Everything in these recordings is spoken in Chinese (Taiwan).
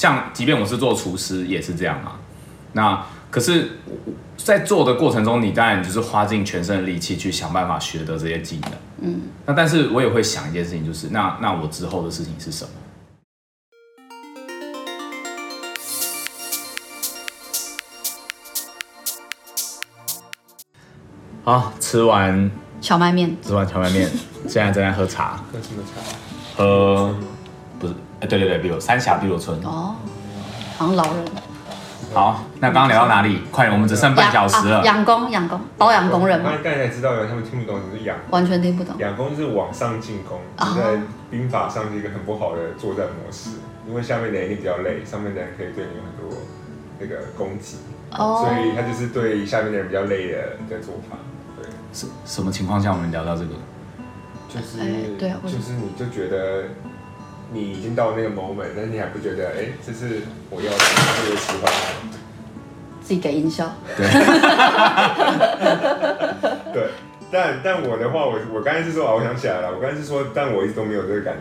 像，即便我是做廚師，也是這樣嘛、啊。那可是，在做的過程中，你當然就是花盡全身的力氣去想辦法學得這些技能。嗯。那但是我也會想一件事情，就是那那我之後的事情是什麼？嗯、好，吃完蕎麥麵，吃完，蕎麥麵，現在正在喝茶。喝什麼茶？喝。不是，哎、欸，對對對，比如三峽碧螺村哦，好像老人。好，嗯、那剛剛聊到哪裡？嗯、快點，我們只剩半小時了。養、啊啊、工，養工，包養工人。我剛才才知道，原來他們聽不懂只、就是養。完全聽不懂。養工就是往上進攻，就是、在兵法上是一個很不好的作戰模式，嗯、因為下面的人比較累，上面的人可以對你很多那個攻擊。哦、嗯。所以他就是對下面的人比較累的的做法。對。什什麼情況下我們聊到這個？就是，對，就是你就覺得。你已經到那個 moment，但是你還不覺得，哎，這是我要的，或者喜歡的，自己給音效，對， 對，但但我的話，我我剛才是說啊，我想起來了，我剛才是說，但我一直都沒有這個感覺，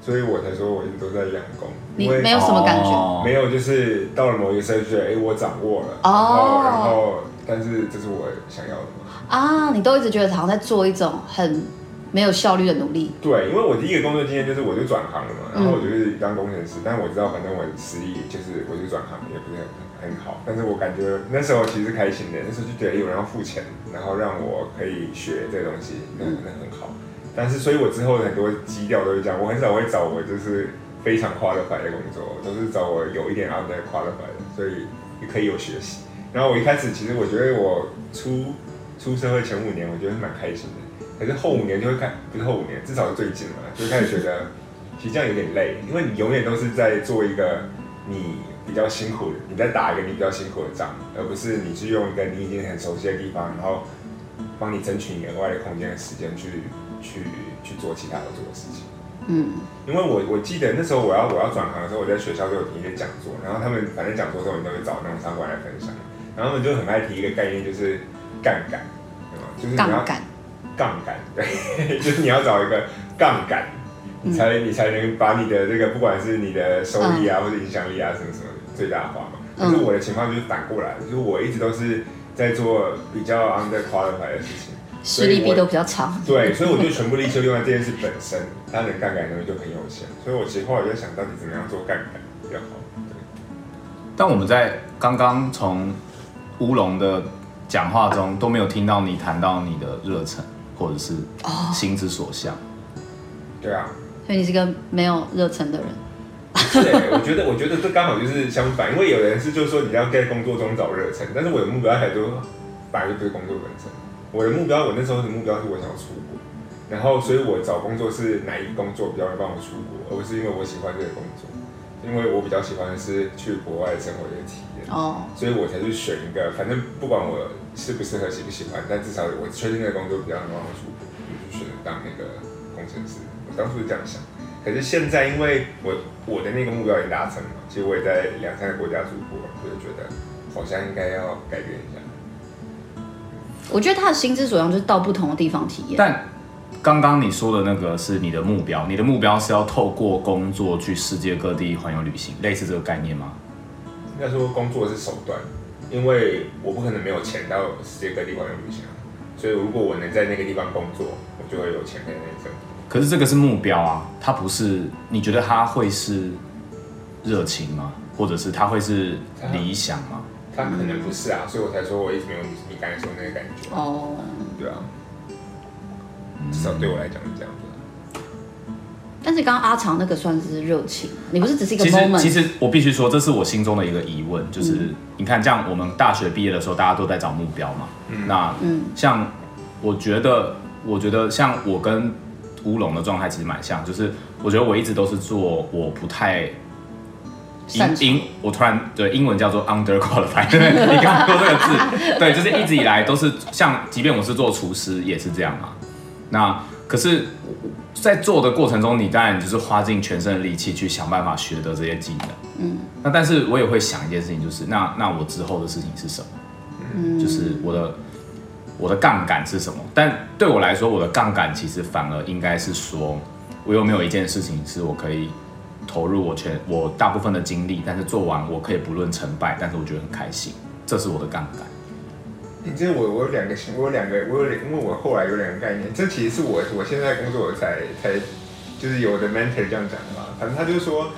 所以我才說我一直都在練功。你沒有什麼感覺？哦、沒有，就是到了某一個層次，哎，我掌握了哦，然後但是這是我想要的嗎？啊，你都一直覺得好像在做一種很。沒有效率的努力。對，因為我第一個工作經驗就是我就轉行了嘛，嗯、然後我就是當工程師，但我知道反正我實力就是我就轉行也不是很，很好，但是我感覺那時候其實開心的，那時候就覺得哎，有人要付錢，然後讓我可以學這東西，那、嗯嗯、很好。但是所以我之後很多基調都是講，我很少會找我就是非常 qualify 的工作，都、就是找我有一點、啊、然後再 qualify 的，所以可以有學習。然後我一開始其實我覺得我出出社會前五年我覺得是蠻開心的。可是後五年就會看，不是後五年，至少是最近嘛，就會開始覺得，其實這樣有點累， 因為你永遠都是在做一個你比較辛苦的，你在打一個你比較辛苦的仗，而不是你去用一個你已經很熟悉的地方，然後幫你爭取你額外的空間和時間去去去做其他做的做事情。嗯，因為我我記得那時候我要我要轉行的時候，我在學校都有聽一些講座，然後他們反正講座時候，你都會找那種相關的分享，然後他們就很愛提一個概念就是，就是槓桿，對嗎？槓桿。槓桿對，就是你要找一個槓桿，你才、嗯、你才能把你的這個不管是你的收益啊、嗯、或者影響力啊什麼什麼最大化嘛。但是我的情況就是反過來，嗯、就是我一直都是在做比較 underqualified 的事情，實力比都比較長。對，所以我就全部力氣用在這件事本身，他的槓桿能力就很有限。所以我其實後來就想到底怎麼樣做槓桿比較好。對，但我們在剛剛從烏龍的講話中都沒有聽到你談到你的熱忱。或者是心之所向，哦、對啊，所以你是個沒有熱忱的人。對、欸、我覺得，我覺得這剛好就是相反，因為有人是就說你要在工作中找熱忱，但是我的目標太多，反而一堆工作本身，我的目標，我那時候的目標是我想要出國，然後，所以我找工作是哪一工作比較能幫我出國，而不是因為我喜歡這個工作。因為我比較喜歡的是去國外生活的體驗哦，所以我才去選一個。反正不管我適不適合、喜不喜歡，但至少我確定的工作比較能讓我出國，我就選擇當那個工程師。我當初是這樣想，可是現在因為我我的那個目標已經達成了。其實我也在兩三個國家住過，我就覺得好像應該要改變一下。我覺得他的心之所向就是到不同的地方體驗。但剛剛你說的那個是你的目標，你的目標是要透過工作去世界各地環遊旅行，類似這個概念嗎？應該說工作是手段，因為我不可能沒有錢到世界各地環遊旅行，所以如果我能在那個地方工作，我就會有錢去那個。可是這個是目標啊，它不是？你覺得它會是熱情嗎？或者是它會是理想嗎？它，它可能不是啊，嗯、所以我才說我一直沒有你你剛才說那個感覺哦，oh. 對啊。至少對我來講是這樣子，嗯嗯、但是剛剛阿長那個算是熱情，你不是只是一個、啊。其實，其實我必須說，這是我心中的一個疑問，就是、嗯、你看，像我們大學畢業的時候，大家都在找目標嘛。嗯、那，嗯，像我覺得，我覺得像我跟烏龍的狀態其實蠻像，就是我覺得我一直都是做我不太，英處，我突然對英文叫做 underqualified。 你剛剛說這個字，對，就是一直以來都是像，即便我是做廚師，也是這樣嘛。那可是，在做的過程中，你當然就是花盡全身的力氣去想辦法學得這些技能。嗯，那但是我也會想一件事情，就是那那我之後的事情是什麼？嗯，就是我的我的槓桿是什麼？但對我來說，我的槓桿其實反而應該是說，我有沒有一件事情是我可以投入我全我大部分的精力，但是做完我可以不論成敗，但是我覺得很開心，這是我的槓桿。你這、嗯、我我有兩個，我有兩個，我有兩，因為我後來有兩個概念，這其實是我我現在工作才才就是有的 mentor 這樣講的嘛，反正他就說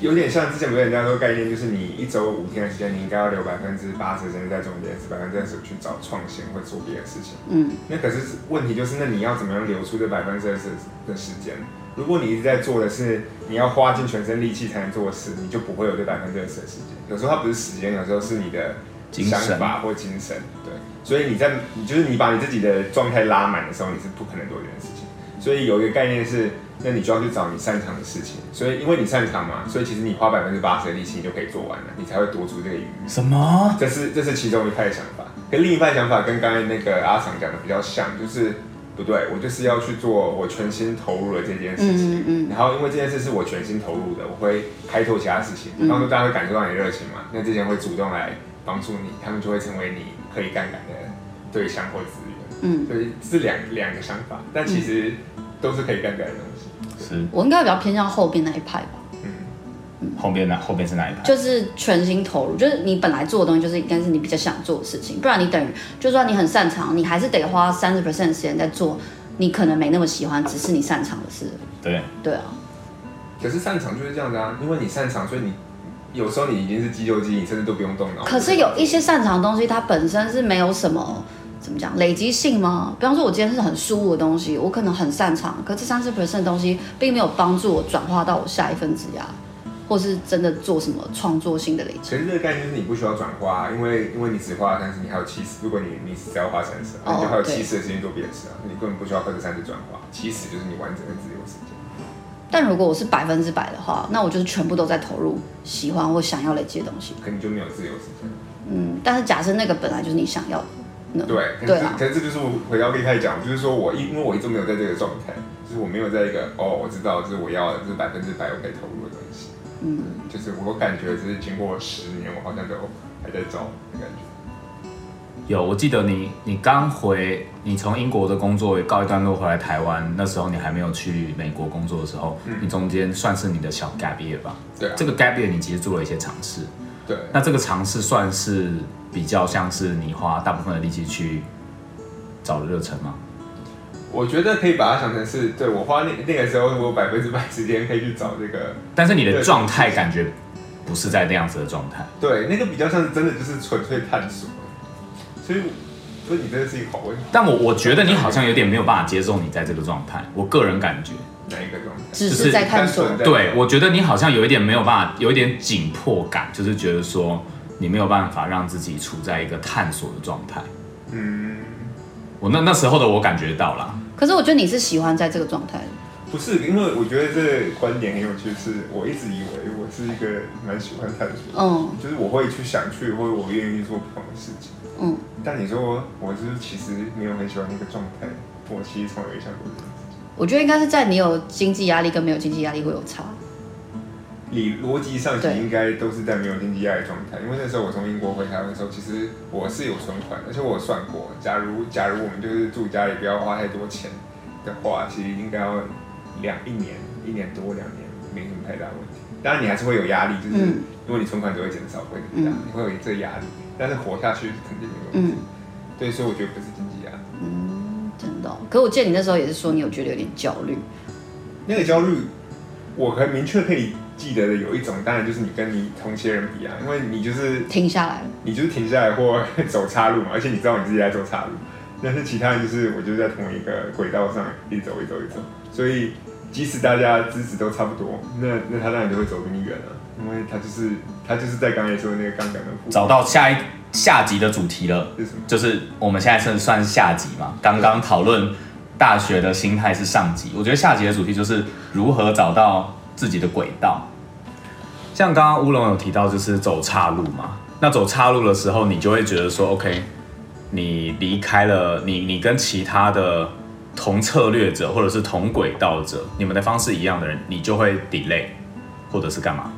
有點像之前不是人家說概念，就是你一周五天的時間，你應該要留百分之八十時間在中間，百分之二十去找創新或做別的事情。嗯，那可是問題就是，那你要怎麼樣留出這百分之二十的時間？如果你一直在做的是你要花盡全身力氣才能做的事，你就不會有這百分之二十的時間。有時候它不是時間，有時候是你的。想法、或精神，對，所以你在你就是你把你自己的狀態拉滿的時候，你是不可能做這件事情。所以有一個概念是，那你就要去找你擅長的事情。所以因為你擅長嘛，所以其實你花百分之八十的力氣，你就可以做完了，你才會多出這個餘。什麼？這是這是其中一派的想法，跟另一派想法跟剛才那個阿爽講的比較像，就是不對，我就是要去做我全心投入的這件事情。嗯，嗯然後因為這件事是我全心投入的，我會開拓其他事情，然後大家會感受到你的熱情嘛，那之前會主動來幫助你，他們就會成為你可以槓桿的對象或資源。嗯，所以是兩兩個想法，但其實都是可以槓桿的東西。嗯、對是，我應該比較偏向後邊那一派吧。嗯，後邊那後邊是哪一派？就是全心投入，就是你本來做的東西，就是應該是你比較想做的事情。不然你等於，就算你很擅長，你還是得花三十 percent 的時間在做你可能沒那麼喜歡，只是你擅長的事。對對啊。可是擅長就是這樣子啊，因為你擅長，所以你。有時候你已經是肌肉記憶，你甚至都不用動腦。可是有一些擅長的東西，它本身是沒有什麼怎麼講累積性嗎？比方說，我今天是很舒服的東西，我可能很擅長，可是這三十%的東西並沒有幫助我轉化到我下一份職業，或是真的做什麼創作性的累積。其實這個概念就是你不需要轉化、啊，因為因為你只花，但是你還有七十。如果你你只要花三十、啊，oh, 你就還有七十的時間做別的事啊。對你根本不需要分這三次轉化，七十就是你完整的自由時間。但如果我是百分之百的話，那我就是全部都在投入喜歡或想要累積的這些東西，可你就沒有自由時間。嗯，但是假設那個本來就是你想要的，對，對啊，可是，可是這就是我回到厲害講，就是說我一，因為我一直沒有在這個狀態，就是我沒有在一個哦，我知道，這是我要的，是百分之百我可以投入的東西。嗯，就是我感覺，只是經過十年，我好像都還在找的感覺。有，我記得你，你剛回，你從英國的工作也告一段落回來台灣，那時候你還沒有去美國工作的時候，嗯、你中間算是你的小 gap year 吧？對、啊，這個 gap year 你其實做了一些嘗試。對，那這個嘗試算是比較像是你花大部分的力氣去找的熱忱嗎？我覺得可以把它想成是，對我花那那個時候我百分之百時間可以去找這個，但是你的狀態感覺不是在那樣子的狀態。對，那個比較像是真的就是純粹探索。所以，所以你覺得自己個好問。但我我覺得你好像有點沒有辦法接受你在這個狀態，我個人感覺。哪一個狀態？就是、只是在探索。對，我覺得你好像有一點沒有辦法，有一點緊迫感，就是覺得說你沒有辦法讓自己處在一個探索的狀態。嗯，我那那時候的我感覺到了。可是我覺得你是喜歡在這個狀態。不是，因為我覺得這個觀點很有趣是，是我一直以為我是一個蠻喜歡探索的，嗯，Oh. 就是我會去想去，或者我願意做不同的事情。嗯，但你說，我就是其實沒有很喜歡那個狀態，我其實從來沒想過。我覺得應該是在你有經濟壓力跟沒有經濟壓力會有差。嗯。你邏輯上其實應該都是在沒有經濟壓力狀態，對因為那時候我從英國回台灣的時候，其實我是有存款，而且我算過，假如假如我們就是住家裡不要花太多錢的話，其實應該要兩一年一年多兩年沒什麼太大問題。當然你還是會有壓力，就是如果你存款只會減少，嗯、會怎麼樣？嗯、你會有這壓力。但是活下去肯定沒有，對，所以我覺得不是經濟壓力啊。嗯，真的，哦。可我見你那時候也是說，你有覺得有點焦慮。那個焦慮，我可以明確可以記得的有一種，當然就是你跟你同期人比啊，因為你就是停下來，你就是停下來或走岔路嘛。而且你知道你自己在走岔路，但是其他人就是我就在同一個軌道上一走，一走，一走，所以。即使大家知識都差不多，那那他當然就會走比你遠了，因為他就是他就是在剛才說的那個槓桿的。找到下一下集的主題了，是就是我們現在算下集嘛。剛剛討論大學的心態是上集，我覺得下集的主題就是如何找到自己的軌道。像剛剛烏龍有提到，就是走岔路嘛。那走岔路的時候，你就會覺得說，OK，你離開了，你你跟其他的。同策略者，或者是同軌道者，你們的方式一樣的人，你就會 delay，或者是幹嘛？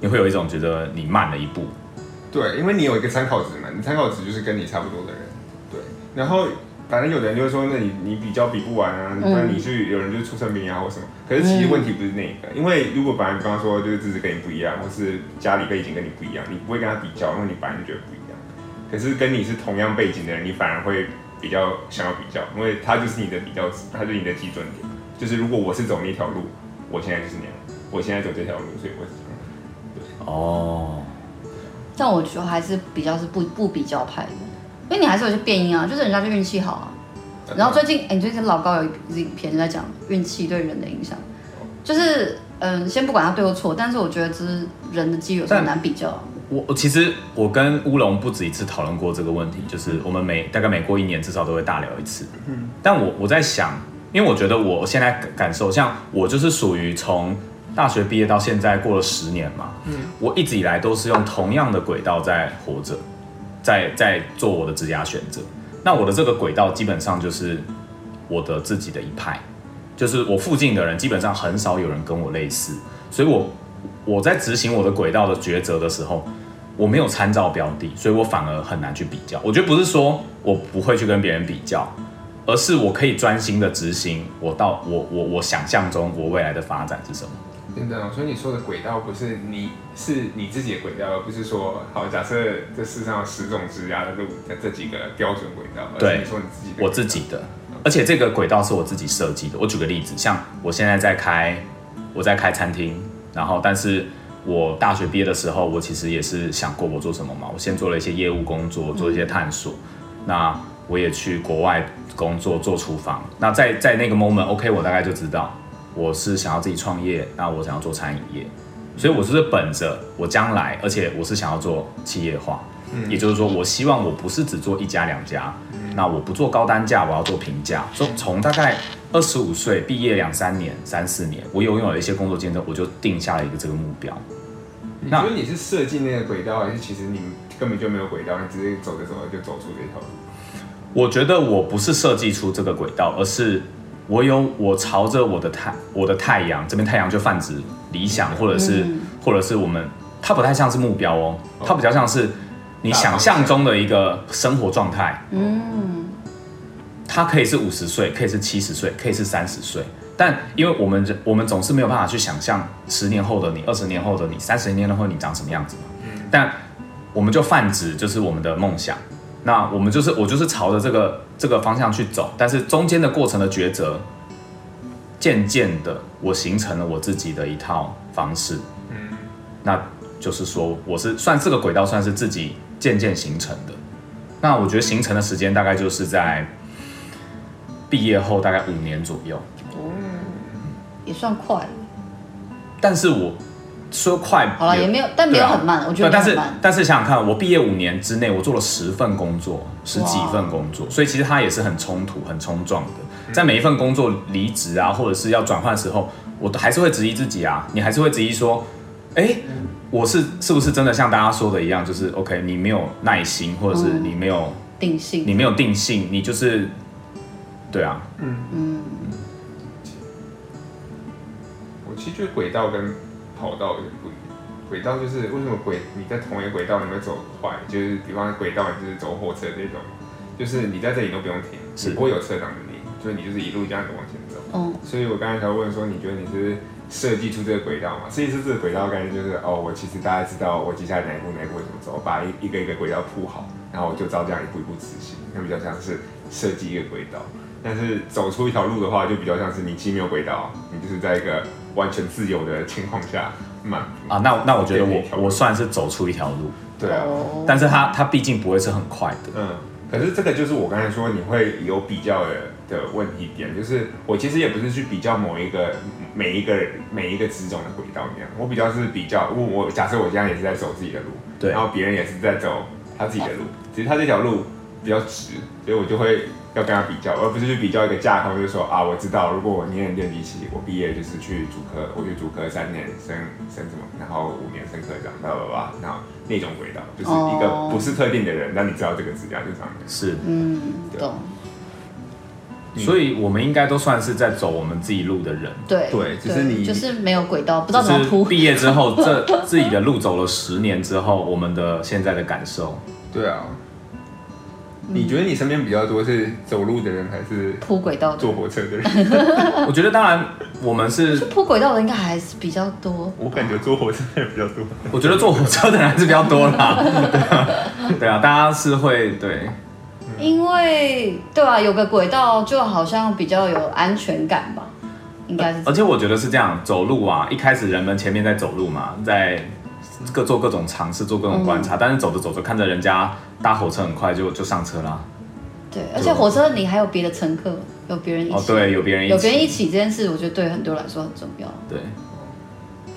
你會有一種覺得你慢了一步。對，因為你有一個參考值嘛，你參考值就是跟你差不多的人。對，然後反正有的人就會說，那你你比較比不完啊，你不然你去，嗯、有人就出生名呀、啊、或什麼。可是其實問題不是那個，嗯、因為如果本來剛剛說就是自己跟你不一樣，或是家裡背景跟你不一樣，你不會跟他比較，因為你反而覺得不一樣。可是跟你是同樣背景的人，你反而會。比較想要比較，因為他就是你的比較，他是你的基準點。就是如果我是走那條路，我現在就是那樣。我現在走這條路，所以我也是這樣。對哦，但我覺得還是比較是不不比較派的，因為你還是有些變因啊，就是人家就運氣好啊。嗯、然後最近，哎，欸，你最近老高有一影片在講運氣對人的影響。哦，就是嗯、呃，先不管他對或錯，但是我覺得就是人的基友很難比較，啊。我其實我跟烏龍不止一次討論過這個問題，就是我們每大概每過一年至少都會大聊一次。嗯，但我我在想，因為我覺得我現在感受像我就是屬於從大學畢業到現在過了十年嘛，嗯，我一直以來都是用同樣的軌道在活着，在在做我的職業選擇。那我的這個軌道基本上就是我的自己的一派，就是我附近的人基本上很少有人跟我類似，所以我。我在執行我的軌道的抉擇的時候，我沒有參照標的，所以我反而很難去比較。我覺得不是說我不會去跟別人比較，而是我可以專心地執行我到我我我想象中我未來的發展是什麼。真的，所以你說的軌道不是你是你自己的軌道，而不是說好，假設這世上有十種職涯的路，這這幾個標準軌道。對，你說你自己，我自己的，而且這個軌道是我自己設計的。我舉個例子，像我現在在開我在開餐廳。然後，但是我大學畢業的時候，我其實也是想過我做什麼嘛。我先做了一些業務工作，做一些探索。嗯、那我也去國外工作，做廚房。那在在那個 moment，OK，okay，我大概就知道我是想要自己創業。那我想要做餐飲業，所以我是本着我將來，而且我是想要做企業化。嗯、也就是說，我希望我不是只做一家兩家，嗯、那我不做高單價，我要做平價。從從、嗯、大概二十五歲畢業兩三年、三四年，我有擁有一些工作經驗，我就定下了一個這個目標。所以你是設計那個軌道，還是其實你根本就沒有軌道，你只是走着走着就走出這條路？我覺得我不是設計出這個軌道，而是我有我朝着我的太我的太陽這邊，太陽就泛指理想，嗯、或者是，嗯、或者是我們，它不太像是目標哦，它比較像是。哦你想象中的一個生活狀態，嗯，它可以是五十歲，可以是七十歲，可以是三十歲，但因為我們我們總是沒有辦法去想象十年後的你，二十年後的你，三十年後的你長什麼樣子嘛？嗯，但我們就泛指就是我們的夢想，那我們就是我就是朝着這個這個方向去走，但是中間的過程的抉擇，漸漸的我形成了我自己的一套方式，嗯，那就是說我是算這個軌道算是自己。漸漸形成的，那我覺得形成的時間大概就是在畢業後大概五年左右，哦、也算快。但是我說快，好了也沒有，但沒有很慢，啊、我覺得。但是但是想想看，我畢業五年之內，我做了十份工作，十幾份工作，哇所以其實它也是很衝突、很衝撞的。在每一份工作離職啊，或者是要轉換的時候，我都還是會質疑自己啊，你還是會質疑說。哎、欸，我是是不是真的像大家說的一樣，就是 OK，你沒有耐心，或者是你沒有、嗯、定性，你沒有定性，你就是對啊。嗯嗯嗯。嗯我其實覺得軌道跟跑道有點不一樣。軌道就是為什麼軌你在同一個軌道裡面走快，就是比方軌道就是走火車這種，就是你在這裡都不用停，只是不會有車擋着你，所以你就是一路這樣子往前走。嗯、所以我剛才才問說，你覺得你是？設計出這個軌道嘛？設計出這個軌道的概念就是哦，我其實大概知道我接下來哪一步哪一步會怎麼走，把一一個一個軌道鋪好，然後我就照這樣一步一步執行，那比較像是設計一個軌道。但是走出一條路的話，就比較像是你既沒有軌道，你就是在一個完全自由的情況下，滿、嗯、啊。那那我覺得我我算是走出一條路，對啊，但是他他畢竟不會是很快的。嗯，可是這個就是我剛才說你會有比較的。的問題點就是，我其實也不是去比較某一個每一個人、每一個職種的軌道那樣，我比較是比較我我假設我現在也是在走自己的路，對，然後別人也是在走他自己的路，其實他這條路比較直，所以我就會要跟他比較，而不是去比較一個架空，就是說啊，我知道如果我念電機系，我畢業就是去主科，我去主科三年升升什麼，然後五年升科長，然後那種軌道就是一個不是特定的人，那、oh. 你知道這個職涯就長是嗯，對。所以，我們應該都算是在走我們自己路的人。對，對，就是你，就是沒有軌道，不知道怎麼鋪。畢業之後，這自己的路走了十年之後，我們的現在的感受。對啊。你覺得你身邊比較多是走路的人，還是鋪軌道、坐火車的人？我覺得當然，我們是就鋪軌道的應該還是比較多。我感覺坐火車的人比較多。我覺得坐火車的人還是比較多啦。對啊，大家是會對。因為對啊，有個軌道就好像比較有安全感吧，應該是這樣。而且我覺得是這樣，走路啊，一開始人們前面在走路嘛，在各做各種嘗試，做各種觀察，嗯嗯，但是走着走着，看着人家搭火車很快就就上車了。對，就而且火車你還有別的乘客，有別人一起。哦，對，有別人一起。有別人一起這件事，我覺得對很多人來說很重要。對。我，想剛剛講我是想，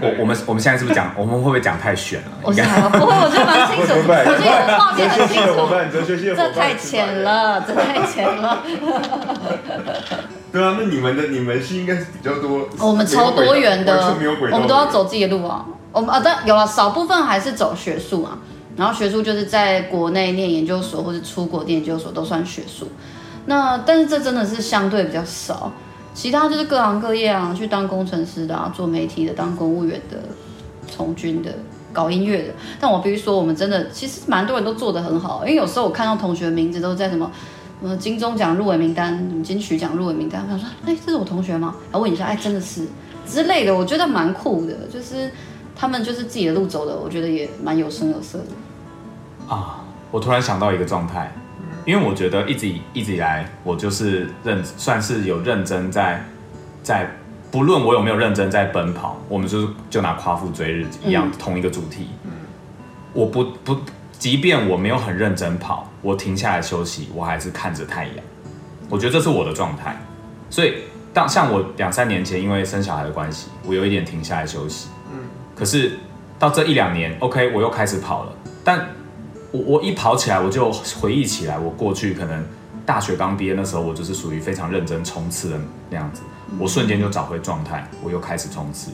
我我們我們現在是不是講， 我們會不會講太玄了我是？我覺得還好，不會， 我覺得蠻清楚，對我覺得畫面很清楚。對這太淺了，這太淺了。 對啊，那你們的你們是應該是比較多，我們超多元的，回到回到我們都要走自己的路啊。我們啊，但有啊，少部分還是走學術啊。然後學術就是在國內念研究所或者出國念研究所都算學術，那但是這真的是相對比較少。其他就是各行各業啊，去當工程師的啊，做媒體的，當公務員的，從軍的，搞音樂的。但我必須說，我們真的其實蠻多人都做得很好，因為有時候我看到同學的名字都在什麼，什麼，金鐘獎入圍名單，什麼金曲獎入圍名單，我想說，哎，這是我同學嗎？我問一下，哎，真的是之類的，我覺得蠻酷的，就是他們就是自己的路走的，我覺得也蠻有聲有色的。啊，我突然想到一個狀態。因為我覺得一直以一直以來，我就是認算是有認真在，在不論我有沒有認真在奔跑，我們就是就拿夸父追日一樣，嗯、同一個主題。嗯、我不不，即便我沒有很認真跑，我停下來休息，我還是看着太陽。我覺得這是我的狀態。所以當像我兩三年前因為生小孩的關係，我有一點停下來休息。嗯。可是到這一兩年，OK，我又開始跑了，但。我我一跑起來，我就回憶起來，我過去可能大學剛畢業那時候，我就是屬於非常認真衝刺的那樣子。我瞬間就找回狀態，我又開始衝刺。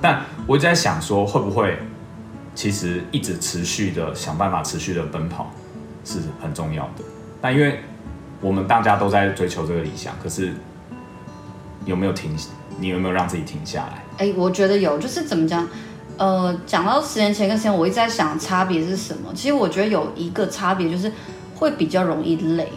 但我就在想說，會不會其實一直持續的想辦法，持續的奔跑是很重要的。但因為我們大家都在追求這個理想，可是有沒有停？你有沒有讓自己停下來？哎、欸，我覺得有，就是怎麼講？呃，講到十年前跟現在，我一直在想差別是什麼。其實我覺得有一個差別就是會比較容易累，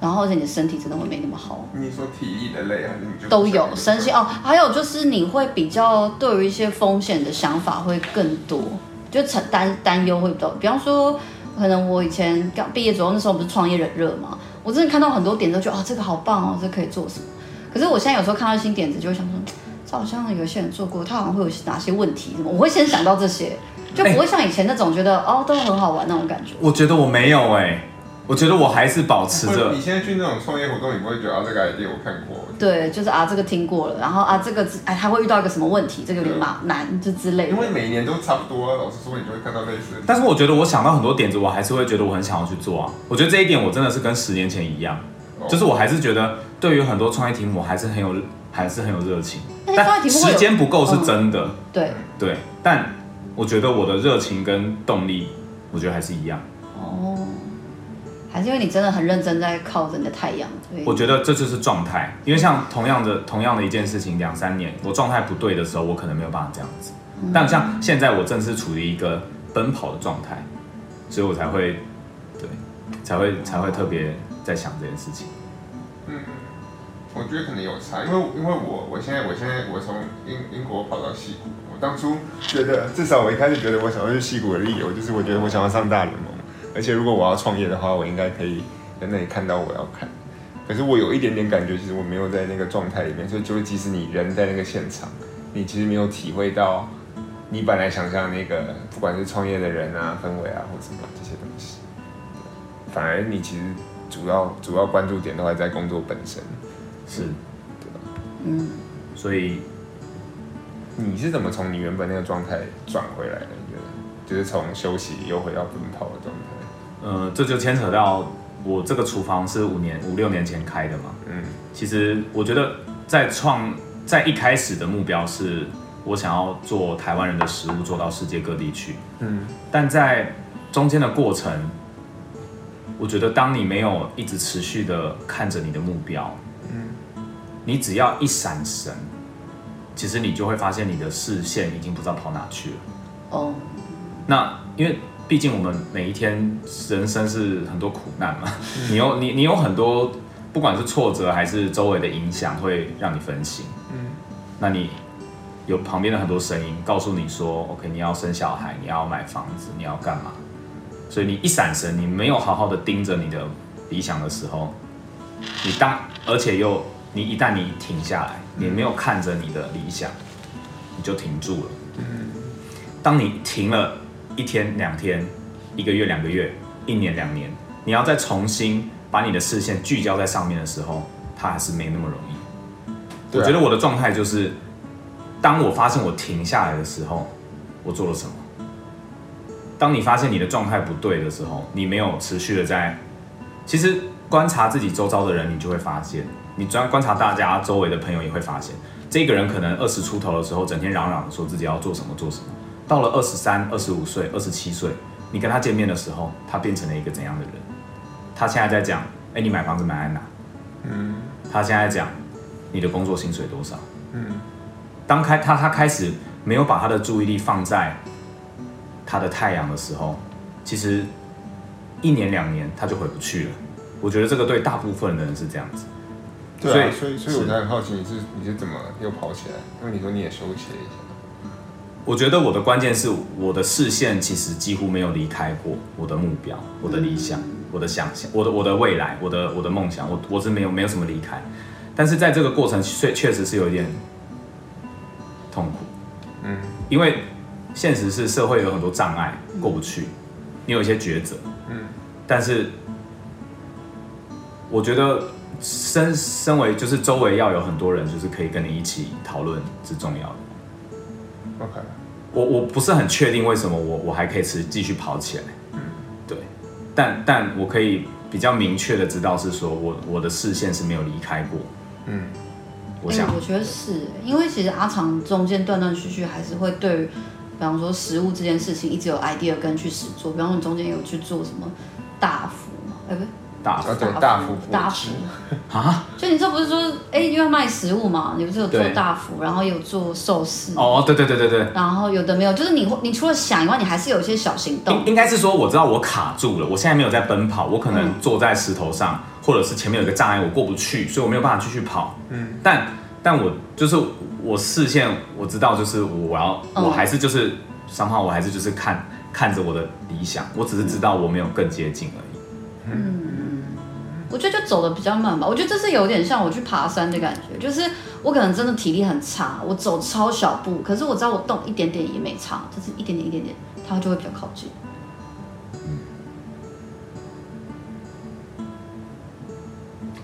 然後而且你的身體真的會沒那麼好。你，你說體力的累還是你就覺得都有身心哦？還有就是你會比較對於一些風險的想法會更多，就承擔擔憂會比較多。比方說，可能我以前剛畢業之後那時候不是創業忍熱熱嘛，我真的看到很多點都覺得啊、哦、這個好棒哦，這個、可以做什麼？可是我現在有時候看到新點子就會想說。好像有些人做過，他好像會有哪些問題？我會先想到這些，就不會像以前那種、欸、覺得哦，都很好玩那種感覺。我覺得我沒有哎、欸，我覺得我還是保持着。欸、你現在去那種創業活動，你不會覺得啊這個 idea 我看過？對，就是啊這個聽過了，然後啊這個哎他、啊、會遇到一個什麼問題？這個有點難的就之類的。因為每年都差不多，老師說你就會看到類似。但是我覺得我想到很多點子，我還是會覺得我很想要去做啊。我覺得這一點我真的是跟十年前一樣，哦、就是我還是覺得對於很多創業題目我還是很有。還是很有熱情，但，但時間不夠是真的。哦、對對，但我覺得我的熱情跟動力，我覺得還是一樣。哦，還是因為你真的很認真，在靠着你的太陽。對，我覺得這就是狀態，因為像同樣的、同樣的一件事情，兩三年我狀態不對的時候，我可能沒有辦法這樣子。但像現在，我正是處於一個奔跑的狀態，所以我才會，對，才會，才會特別在想這件事情。嗯、哦。我覺得可能有差，因為因為我我現在，我現在我現在我從英英國跑到西谷，我當初覺得，至少我一開始覺得我想要去西谷的理由，就是我覺得我想要上大聯盟，而且如果我要創業的話，我應該可以在那裡看到我要看。可是我有一點點感覺，其實我沒有在那個狀態裡面，所以就是即使你人在那個現場，你其實沒有體會到你本來想象那個不管是創業的人啊、氛圍啊或者什麼這些東西，反而你其實主要主要關注點都還在工作本身。是，對吧？嗯，所以你是怎麼從你原本那個狀態轉回來的？你覺得就是從休息又回到奔跑的狀態？呃，這就牽扯到我這個廚房是五年，嗯，五六年前開的嘛。嗯，其實我覺得在創在一開始的目標是我想要做台灣人的食物做到世界各地去。嗯，但在中間的過程，我覺得當你沒有一直持續的看着你的目標。你只要一閃神，其實你就會發現你的視線已經不知道跑哪去了。哦。那因為畢竟我們每一天人生是很多苦難嘛，嗯、你有你你有很多，不管是挫折還是周圍的影響，會讓你分心。嗯。那你有旁邊的很多聲音告訴你說：“OK，你要生小孩，你要買房子，你要幹嘛？”所以你一閃神，你沒有好好的盯着你的理想的時候，你當而且又。你一旦你停下來，你沒有看着你的理想，你就停住了。當你停了一天、兩天、一個月、兩個月、一年、兩年，你要再重新把你的視線聚焦在上面的時候，它還是沒那麼容易。啊、我覺得我的狀態就是，當我發現我停下來的時候，我做了什麼？當你發現你的狀態不對的時候，你沒有持續的在，其實觀察自己周遭的人，你就會發現。你專觀察大家周圍的朋友，也會發現，這個人可能二十出頭的時候，整天嚷嚷說自己要做什麼做什麼，到了二十三、二十五歲、二十七歲，你跟他見面的時候，他變成了一個怎樣的人？他現在在講，哎，你買房子買在哪？嗯。他現在在講，你的工作薪水多少？嗯。當開他他開始沒有把他的注意力放在他的太陽的時候，其實一年兩年他就回不去了。我覺得這個對大部分的人是這樣子。對啊、所以，所以，是所以我才很好奇，你是你是怎麼又跑起來？因為你說你也收起。我覺得我的關鍵是，我的視線其實幾乎沒有離開過我的目標、我的理想、嗯、我的想象、我的我的未來、我的我的夢想。我我是沒有沒有什麼離開，但是在這個過程，確確實是有一點痛苦。嗯，因為現實是社會有很多障礙過不去，你有一些抉擇。嗯，但是我覺得。身身為就是周圍要有很多人，就是可以跟你一起討論是重要的。OK，我我不是很確定為什麼我我還可以是繼續跑起來。嗯，對，但但我可以比較明確的知道是說我我的視線是沒有離開過。嗯，我想、欸、我覺得是因為其實阿長中間斷斷續續還是會對，比方說食物這件事情一直有 idea 跟去實做，比方說你中間有去做什麼大福，哎、欸、不。大福，大福。啊！就你這不是說，哎，又要賣食物嘛？你不是有做大福，然後有做壽司？哦，對對對對對。然後有的沒有，就是你，你除了想以外，你還是有一些小行動。應該是說，我知道我卡住了，我現在沒有在奔跑，我可能坐在石頭上，或者是前面有個障礙我過不去，所以我沒有辦法繼續跑。嗯。但但我就是我視線，我知道就是我要，我還是就是，三號我還是就是看看着我的理想，我只是知道我沒有更接近而已。嗯。我覺得就走得比較慢吧，我覺得這是有點像我去爬山的感覺，就是我可能真的體力很差，我走超小步，可是我知道我動一點點也沒差，就是一點點一點點，它就會比較靠近。嗯。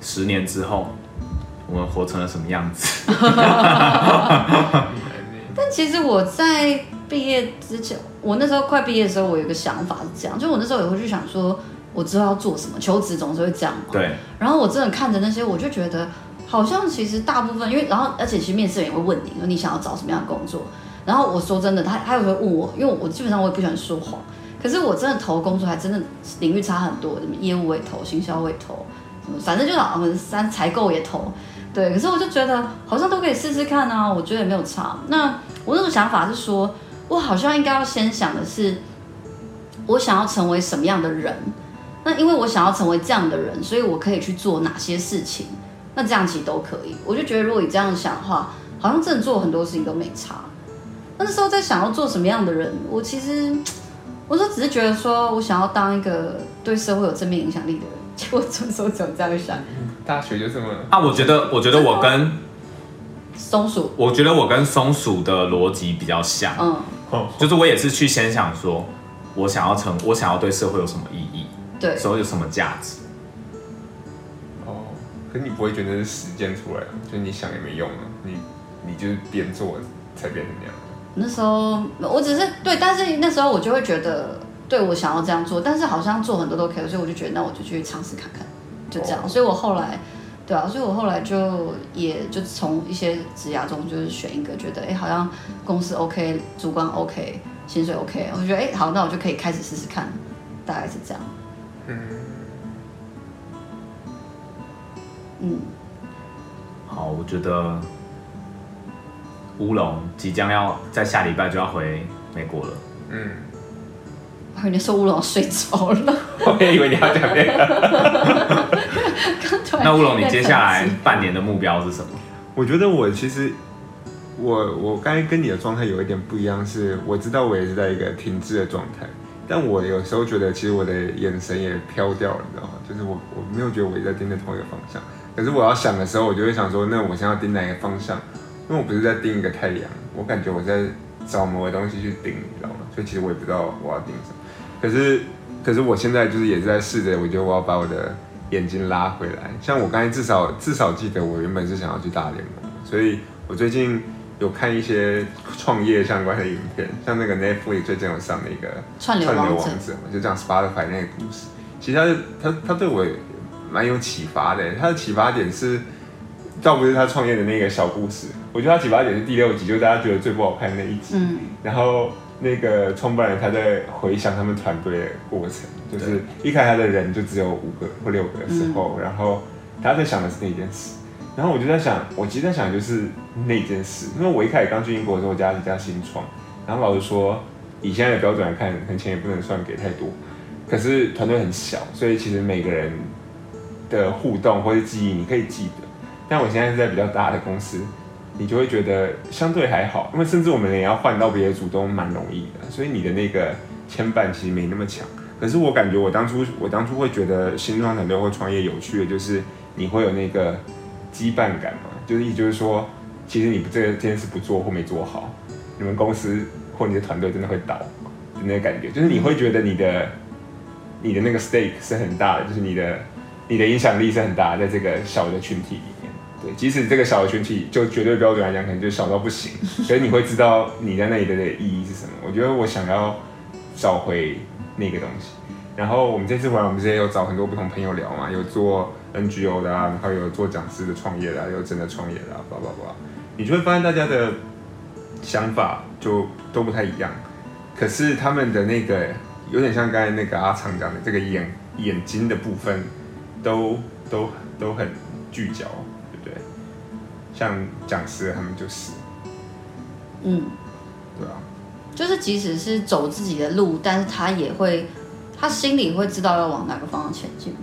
十年之後，我們活成了什麼樣子？但其實我在畢業之前，我那時候快畢業的時候，我有一個想法是這樣，就是我那時候也會去想說。我知道要做什麼，求職總是會這樣嘛。對。然後我真的看着那些，我就覺得好像其實大部分，因為然後而且其實面試人也會問你，說你想要找什麼樣的工作。然後我說真的，他他有時候問我，因為我基本上我也不喜歡說謊。可是我真的投工作，還真的領域差很多，什麼業務我也投，行銷也投，什麼反正就是我們三採購也投。對。可是我就覺得好像都可以試試看啊，我覺得也沒有差。那我那種想法是說，我好像應該要先想的是，我想要成為什麼樣的人。那因為我想要成為這樣的人，所以我可以去做哪些事情？那這樣其實都可以。我就覺得，如果你這樣想的話，好像真的做很多事情都沒差。那,那時候在想要做什麼樣的人，我其實我都只是覺得，說我想要當一個對社會有正面影響力的人。結果我什麼時候總這樣想？大學就這麼啊，我覺得，我覺得我跟、啊、松鼠，我覺得我跟松鼠的邏輯比較像。嗯，就是我也是去先想說，我想要成，我想要對社會有什麼意義。對，所以有什麼價值？哦，可是你不會覺得是時間出來、啊，就你想也沒用啊。你，你就是邊做才變成那樣。那時候我只是對，但是那時候我就會覺得，對我想要這樣做，但是好像做很多都可、OK、以，所以我就覺得那我就去嘗試看看，就這樣。哦、所以我後來，對啊，所以我後來就也就從一些職涯中就是選一個，覺得哎、欸、好像公司 OK，主管 OK，薪水 OK，我覺得哎、欸、好，那我就可以開始試試看，大概是這樣。嗯，好，我覺得烏龍即將要在下禮拜就要回美國了。嗯，我還以為你說，烏龍睡着了，我也以為你要講這個。那烏龍，你接下來半年的目標是什麼？我覺得我其實，我我剛才跟你的狀態有一點不一樣，是我知道我也是在一個停滯的狀態。但我有時候覺得，其實我的眼神也飄掉了，你知道嗎？就是我我沒有覺得我在盯着同一個方向，可是我要想的時候，我就會想說，那我現在要盯哪個方向？因為我不是在盯一個太陽，我感覺我在找某個東西去盯，你知道嗎？所以其實我也不知道我要盯什麼。可是，可是我現在就是也是在試着，我覺得我要把我的眼睛拉回來。像我剛才至少至少記得，我原本是想要去大聯盟，所以我最近有看一些創業相關的影片，像那個 Netflix 最近有上了一個串流王者嘛，就講 Spotify 那個故事，其實他是他他對我蠻有啟發的。他的啟發點是，倒不是他創業的那個小故事，我覺得他啟發點是第六集，就是、大家覺得最不好看的那一集。嗯。然後那個創辦人他在回想他們團隊的過程，就是一開始他的人就只有五個或六個的時候，嗯、然後他在想的是哪件事？然後我就在想，我其實在想就是那件事，因為我一開始剛去英國的時候，加了一家新創，然後老實說，以現在的標準來看，錢也不能算給太多，可是團隊很小，所以其實每個人的互動或者記憶你可以記得，但我現在是在比較大的公司，你就會覺得相對還好，因為甚至我們也要換到別的組都蠻容易的，所以你的那個牽絆其實沒那麼強。可是我感覺我當初我當初會覺得新創團隊或創業有趣的，就是你會有那個。羈絆感嘛，就是意思就是說，其實你不這這件事不做或沒做好，你們公司或你的團隊真的會倒，那感覺就是你會覺得你的你的那個 stake 是很大的，就是你的你的影響力是很大，在這個小的群體裡面，對，即使這個小的群體就絕對標準來講，可能就小到不行，所以你會知道你在那裡的意義是什麼？我覺得我想要找回那個東西。然後我們這次回來，我們之前有找很多不同朋友聊嘛，有做 NGO 的啊，然後有做講師的、創業的、啊，有真的創業的、啊，叭叭叭，你就會發現大家的想法就都不太一樣。可是他們的那個有點像剛才那個阿長講的，這個眼眼睛的部分都都都很聚焦，對不對？像講師他們就是，嗯，對啊，就是即使是走自己的路，但是他也會，他心裡會知道要往哪個方向前進。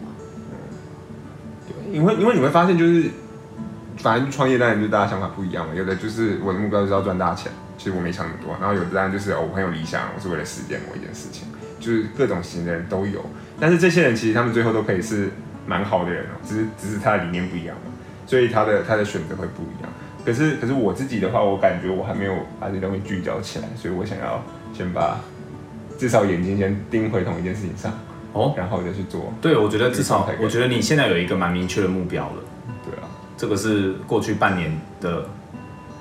你會，因為你會發現，就是反正創業當然就大家想法不一樣嘛。有的就是我的目標就是要賺大錢，其實我沒想那麼多。然後有的當然就是、哦、我很有理想，我是為了實踐某一件事情，就是各種型的人都有。但是這些人其實他們最後都可以是蠻好的人哦，只是只是他的理念不一樣嘛，所以他的他的選擇會不一樣。可是可是我自己的話，我感覺我還沒有把這些東西聚焦起來，所以我想要先把至少眼睛先盯回同一件事情上。哦，然後就去做。對，我覺得至少，我覺得你現在有一個蠻明確的目標了。嗯、對啊，這個是過去半年的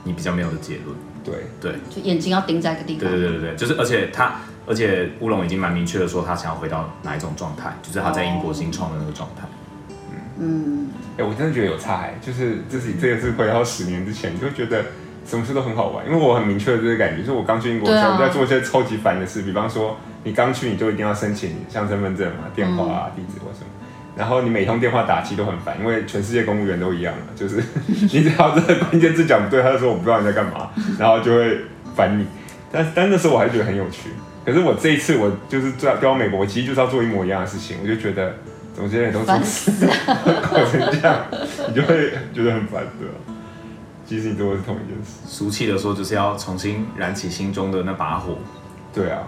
你比較沒有的結論。對對，對就眼睛要盯在一個地方。對對對對對，就是而且他，而且烏龍已經蠻明確的說他想要回到哪一種狀態，就是他在英國新創的那個狀態。哦、嗯哎、嗯欸，我真的覺得有差哎、欸，就是自己這次回到十年之前，就覺得什麼事都很好玩，因為我很明確的這個感覺，就是我剛去英國的時候我在做一些超級煩的事，比方說。你剛去你就一定要申請像身份證啊、電話啊、地址或什麼，嗯、然後你每通電話打起都很煩，因為全世界公務員都一樣嘛，就是 你只要在個關鍵字講不對，他就說我不知道你在幹嘛，然後就會煩你。但但那時候我還覺得很有趣，可是我這一次我就是到到美國，我其實就是要做一模一樣的事情，我就覺得總之你都是 這樣，你就會覺得很煩的，對啊。其實都是同一件事，俗氣的說就是要重新燃起心中的那把火。對啊。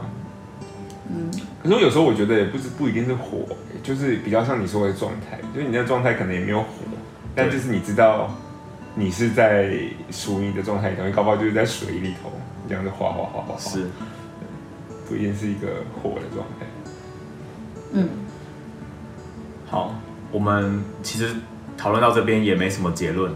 嗯，可是我有時候我覺得也不是，不一定是火、欸，就是比較像你說的狀態，就是你那狀態可能也沒有火，嗯、但就是你知道你是在水的狀態裡頭，你搞不好就是在水裡頭這樣子嘩嘩嘩嘩嘩，是，不一定是一個火的狀態。嗯，好，我們其實討論到這邊也沒什麼結論，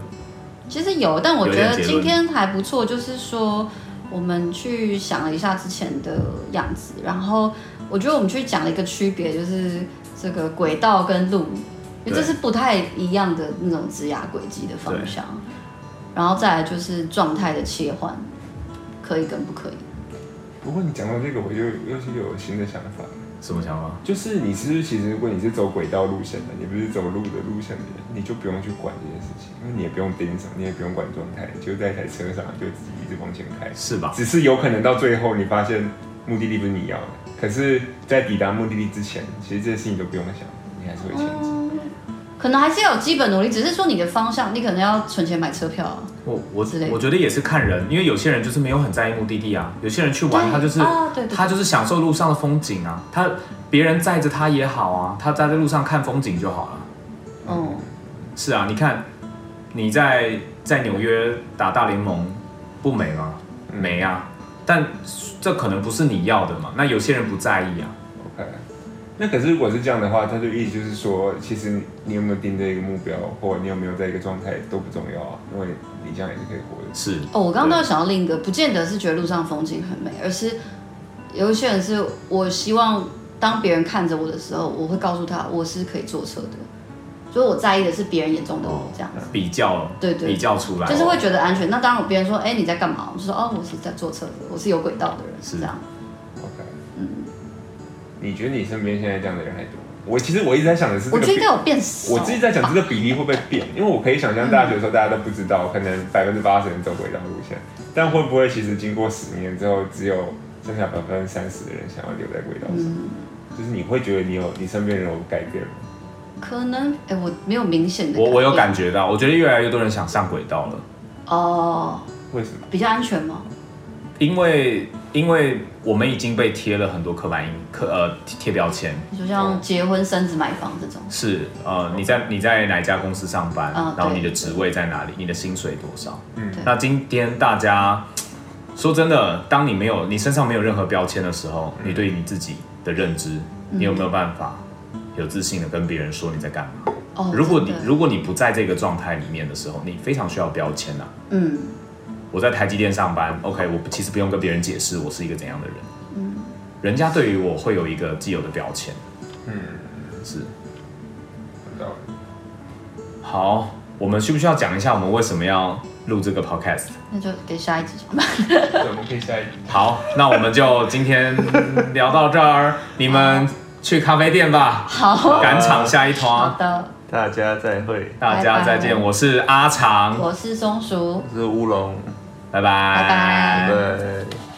其實有，但我覺得今天還不錯，就是說。我們去想了一下之前的樣子，然後我覺得我們去講了一個區別，就是這個軌道跟路，對因為這是不太一樣的那種枝椏軌跡的方向。對然後再來就是狀態的切換，可以跟不可以。不過你講到這個，我又又是又有新的想法。什麼想法？就是你是其實，如果你是走軌道路線的，你不是走路的路線的人，你就不用去管這些事情，因為你也不用盯上，你也不用管狀態，就在台車上就自己一直往前開，是吧？只是有可能到最後你發現目的地不是你要的，可是在抵達目的地之前，其實這些事情都不用想，你還是會前進。嗯可能還是要有基本努力，只是說你的方向，你可能要存錢買車票啊。我我我覺得也是看人，因為有些人就是沒有很在意目的地啊。有些人去玩，對他就是、啊、對對對，他就是享受路上的風景啊。他別人載着他也好啊，他在這路上看風景就好了。嗯哦、是啊，你看你在在紐約打大聯盟，不美嗎？美、嗯、啊，但這可能不是你要的嘛。那有些人不在意啊。那可是如果是這樣的話，他就意思就是說，其實你有沒有定這一個目標，或你有沒有在一個狀態都不重要啊，因為你這樣也是可以活的。是哦，我剛剛倒是想到另一個，對不見得是覺得路上風景很美，而是有一些人是我希望當別人看着我的時候，我會告訴他我是可以坐車的，所以我在意的是別人眼中的我、哦、這樣子比較，對,對對，比較出來就是會覺得安全。那當然，別人說哎、欸、你在幹嘛？我就說哦，我是在坐車的，我是有軌道的人是,是這樣。你覺得你身邊現在這樣的人還多？我其實我一直在想的是，我覺得應該有變。我自己在想這個比例會不會變？ 因為我可以想象大學的時候大家都不知道，可能百分之八十人走軌道路線，但會不會其實經過十年之後，只有剩下百分之三十的人想要留在軌道上？嗯、就是你會覺得你有你身邊人有改變嗎？可能，哎、欸，我沒有明顯的。我我有感覺到，我覺得越來越多人想上軌道了。哦。為什麼？比較安全嗎？因為，因為我們已經被貼了很多刻板印，刻呃貼標籤，就像結婚、生子、買房這種。嗯、是呃 Okay. 你，你在你在哪一家公司上班，啊、然後你的職位在哪裡，你的薪水多少？嗯，那今天大家說真的，當你沒有你身上沒有任何標籤的時候，嗯、你對於你自己的認知，你有沒有辦法有自信的跟別人說你在幹嘛？嗯、如果你、哦、如果你不在這個狀態裡面的時候，你非常需要標籤吶、啊。嗯。我在台積電上班，OK，我其實不用跟別人解釋我是一個怎樣的人，嗯，人家對於我會有一個既有的標籤，嗯，是，不知道。好，我們需不需要講一下我們為什麼要錄這個 podcast？那就給下一集吧，我們可以下一集。好，那我們就今天聊到這兒，你們去咖啡店吧，好，趕場下一團，好的，大家再會，大家再見，我是阿長，我是松鼠，我是烏龍。拜拜，拜拜。